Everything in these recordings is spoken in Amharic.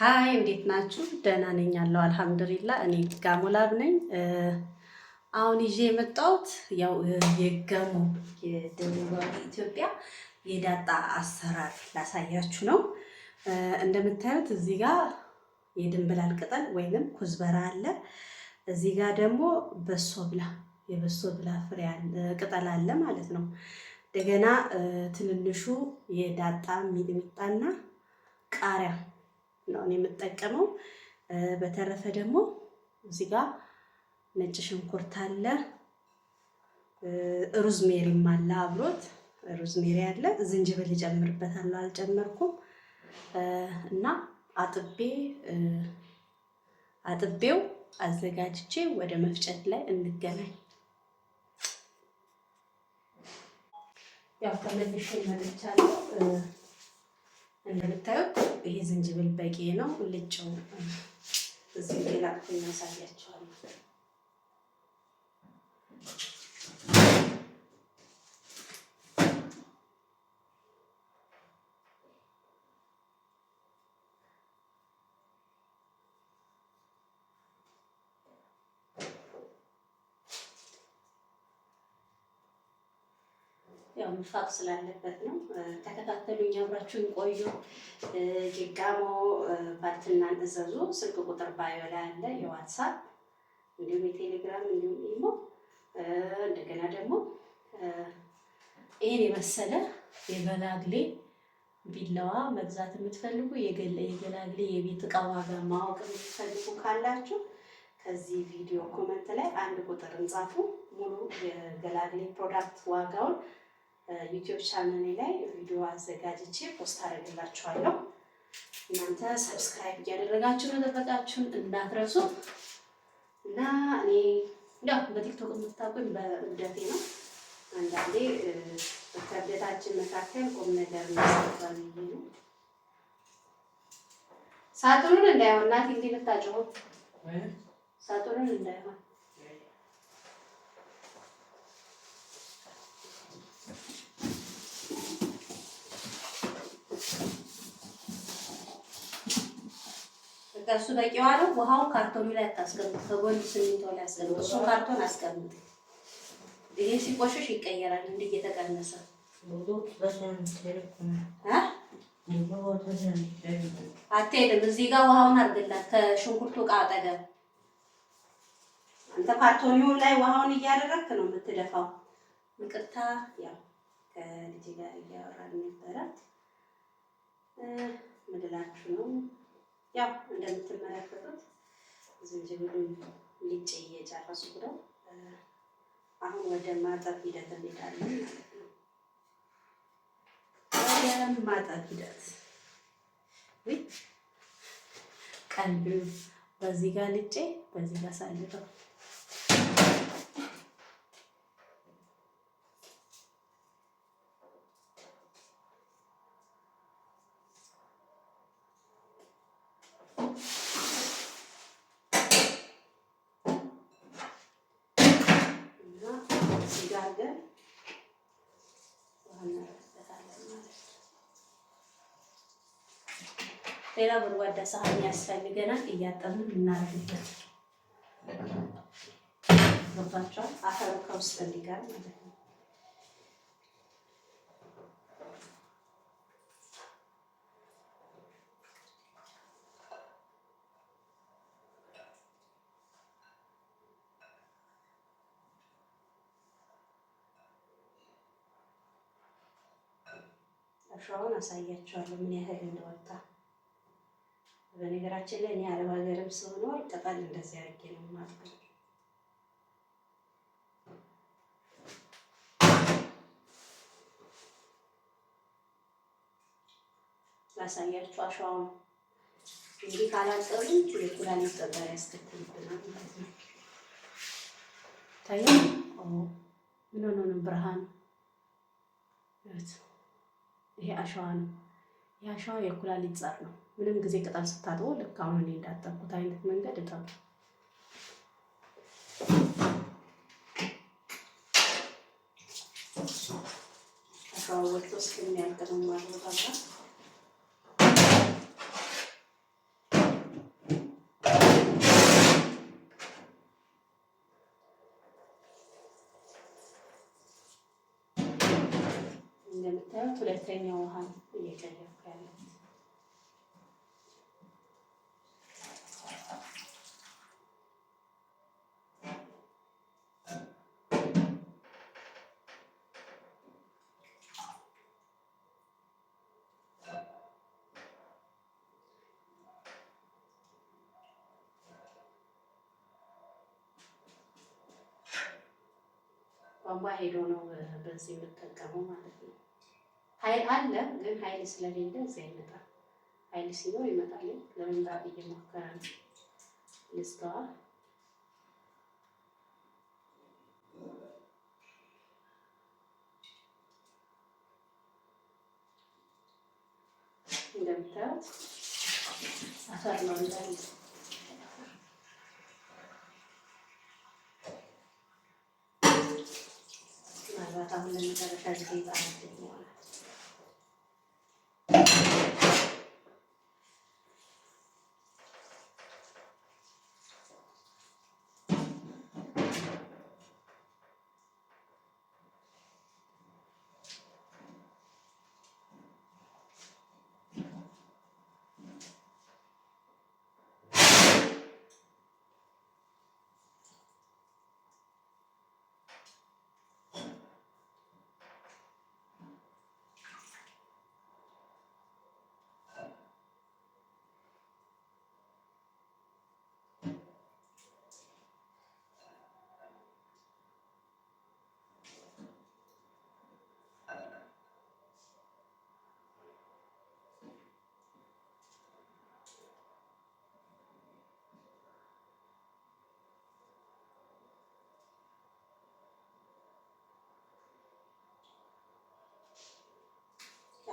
ሀይ እንዴት ናችሁ? ደህና ነኝ ያለው አልሐምዱሊላ። እኔ ጋሞላብ ነኝ። አሁን ይዤ የመጣሁት ያው የጋሞ የደቡባዊ ኢትዮጵያ የዳጣ አሰራር ላሳያችሁ ነው። እንደምታዩት እዚህ ጋር የድንብላል ቅጠል ወይንም ኩዝበራ አለ። እዚህ ጋር ደግሞ በሶብላ የበሶብላ ፍሬ ቅጠል አለ ማለት ነው። እንደገና ትንንሹ የዳጣ ሚጥሚጣና ቃሪያ ነው የምጠቀመው። በተረፈ ደግሞ እዚህ ጋር ነጭ ሽንኩርት አለ፣ ሩዝሜሪም አለ አብሮት። ሩዝሜሪ አለ፣ ዝንጅብል እጨምርበታለሁ፣ አልጨመርኩም እና አጥቤ አጥቤው አዘጋጅቼ ወደ መፍጨት ላይ እንገናኝ። ያው ተመልሼ መልቻለሁ። እንደምታዩት ይሄ ዝንጅብል በቂ ነው። ልጨው እዚህ ሌላ እናሳያቸዋለን። ያው ምፋቅ ስላለበት ነው። ተከታተሉኝ፣ አብራችሁን ቆዩ። ጅጋሞ ባልትናን እዘዙ። ስልክ ቁጥር ባዮ ላይ አለ፣ የዋትሳፕ እንዲሁም የቴሌግራም እንዲሁም ኢሞ። እንደገና ደግሞ ይህን የመሰለ የበላግሌ ቢላዋ መግዛት የምትፈልጉ የገላግሌ የቤት እቃ ዋጋ ማወቅ የምትፈልጉ ካላችሁ ከዚህ ቪዲዮ ኮመንት ላይ አንድ ቁጥር እንጻፉ። ሙሉ የገላግሌ ፕሮዳክት ዋጋውን ዩቲዩብ ቻናሌ ላይ ቪዲዮ አዘጋጅቼ ፖስት አደርግላችኋለሁ። እናንተ ሰብስክራይብ እያደረጋችሁ መጠበቃችሁን እንዳትረሱ እና እኔ ያው በቲክቶክ የምታውቁኝ በእብደቴ ነው። አንዳንዴ ከእብደታችን መካከል ቁም ነገር ነው። ሳጥኑን እንዳይሆን ናት እንዲህ ልታጭሆ ሳጥኑን እንዳይሆን እሱ በቂዋ ነው። ውሃው ካርቶኑ ላይ አታስቀምጥ፣ ከጎን ስሚንቶ ላይ አስቀምጥ። እሱ ካርቶን አስቀምጥ። ይሄ ሲቆሽሽ ይቀየራል። እንዲህ እየተቀነሰ አትሄድም። እዚህ ጋር ውሃውን አድርግላት ከሽንኩርቱ እቃ አጠገብ። አንተ ካርቶኒው ላይ ውሃውን እያደረግክ ነው የምትደፋው። ይቅርታ፣ ያው ከልጅ ጋር እያወራን ነበረ። ምድላችሁ ነው ያው እንደምትመለከቱት ዝንጅብሉን ልጬ እየጨረስኩ ነው። አሁን ወደ ማጠብ ሂደት እንሄዳለን ማለት ነው። ወደ ማጠብ ሂደት በዚህ ጋር ልጬ በዚህ ጋር ሳልጠው ሌላ ጎድጓዳ ሳህን ያስፈልገናል። እያጠብን እናደርግበት ገባቸዋል። አፈር ከውስጥ እንዲቀር ማለት ነው። አሻውን አሳያቸዋለሁ ምን ያህል እንደወጣ በነገራችን ላይ እኔ አረብ ሀገርም ስኖር ቅጠል እንደዚህ አድርጌ ነው የማጥበው። ላሳያችሁ አሸዋውን እንዲህ ካላጠብን የኩላሊት ጠጠር ያስከትልብናል ማለት ነው። ታየ ምን ብርሃን ይሄ አሸዋ ነው። ይህ አሸዋ የኩላሊት ጸር ነው። ምንም ጊዜ ቅጠል ስታጥቦ ልክ አሁን እኔ እንዳጠብኩት አይነት መንገድ እጠቡ። ወጥቶ ውስጥ የሚያቀርም ማድረጋታ እንደምታዩት ሁለተኛው ውሃ እየቀለ ቧንቧ ሄዶ ነው በዚህ የምጠቀመው ማለት ነው። ኃይል አለ ግን ኃይል ስለሌለ እዚያ ይመጣል። ኃይል ሲኖር ይመጣል። ለመምጣት እየሞከረ ነው። ልዝጋዋ እንደምታዩት አፈር ነው እንዳለ and then you gotta try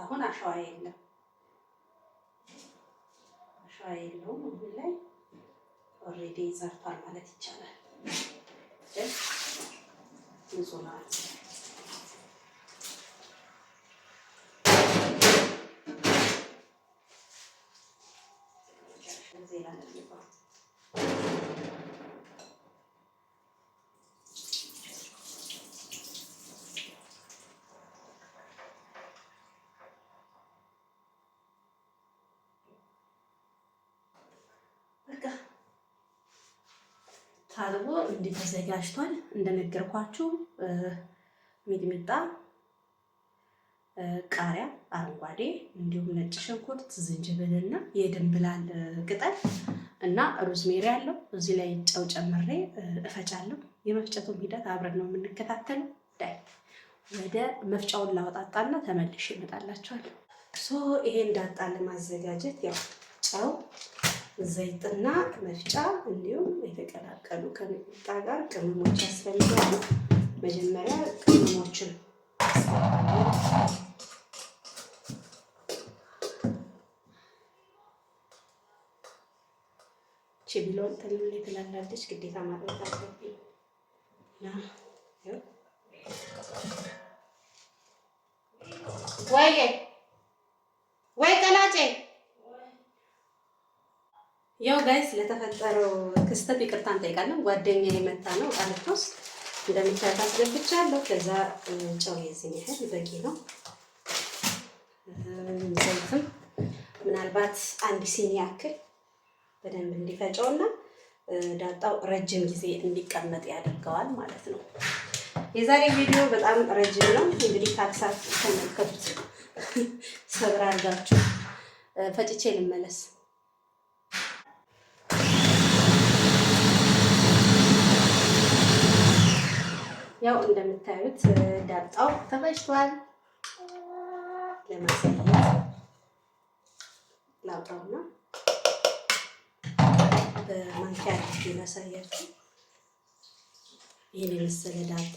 አሁን አሸዋ የለም፣ አሸዋ የለውም። አሁን ላይ ኦልሬዲ ዘርቷል ማለት ይቻላል። ንጹህ ማለት ዜና ታጥቦ እንዲህ ተዘጋጅቷል። እንደነገርኳችሁ ሚጥሚጣ፣ ቃሪያ አረንጓዴ፣ እንዲሁም ነጭ ሽንኩርት፣ ዝንጅብልና የድንብላል ቅጠል እና ሩዝሜሪ አለው እዚህ ላይ ጨው ጨምሬ እፈጫለሁ። የመፍጨቱን ሂደት አብረን ነው የምንከታተለው። ዳይ ወደ መፍጫውን ላወጣጣና ተመልሼ እመጣላችኋለሁ። ሶ ይሄ እንዳጣ ለማዘጋጀት ያው ጨው ዘይትና መፍጫ እንዲሁም የተቀላቀሉ ከሚጣ ጋር ቅመሞች ያስፈልጋሉ። መጀመሪያ ቅመሞችን ችቢሎን ትልል ትላላለች፣ ግዴታ ማድረግ አለብኝ። ወይ ወይ ቀላጬ ያው ጋይስ ለተፈጠረው ክስተት ይቅርታ እንጠይቃለን። ጓደኛ የመታ ነው ማለት ነው። እንደምታዩት አስገብቻለሁ። ከዛ ጨው የዚህ ያህል በቂ ነው። ዘይትም ምናልባት አንድ ሲኒ ያክል በደንብ እንዲፈጨው እንዲፈጨውና ዳጣው ረጅም ጊዜ እንዲቀመጥ ያደርገዋል ማለት ነው። የዛሬ ቪዲዮ በጣም ረጅም ነው። እንግዲህ ታክሳት ተመልከቱት። ሰብር አድርጋችሁ ፈጭቼ ልመለስ። ያው እንደምታዩት ዳጣው ተፈጭቷል። ለማሳየት ላውጣውና በማንኪያ አድርጌ ላሳያችሁ። ይህን የመሰለ ዳጣ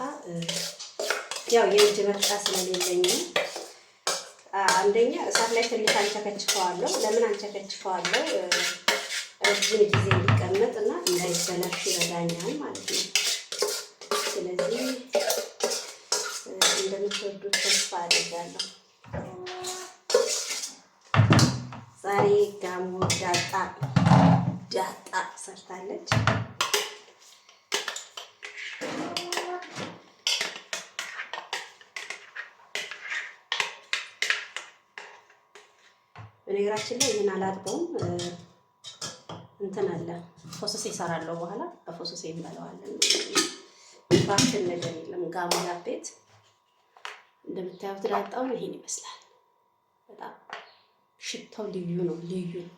ያው የእጅ መፍጫ ስለሌለኝ አንደኛ እሳት ላይ ትንሽ አንቸከችከዋለሁ። ለምን አንቸከችከዋለሁ? ረጅም ጊዜ እንዲቀመጥ እና እንዳይበላሽ ይረዳኛል ማለት ነው። ስለዚህ እንደምትወዱት ተስፋ አድርጋለሁ። ዛሬ ጋሞ ዳጣ ዳጣ ሰርታለች። በነገራችን ላይ ይህን አላጥበውም እንትን አለ ፎሰሴ ይሰራለሁ። በኋላ በፎሰሴ እንበለዋለን። ፋሽን ነገር የለም። ጋሙላ ቤት እንደምታዩት ዳጣውን ይሄን ይመስላል። በጣም ሽታው ልዩ ነው፣ ልዩ ነው።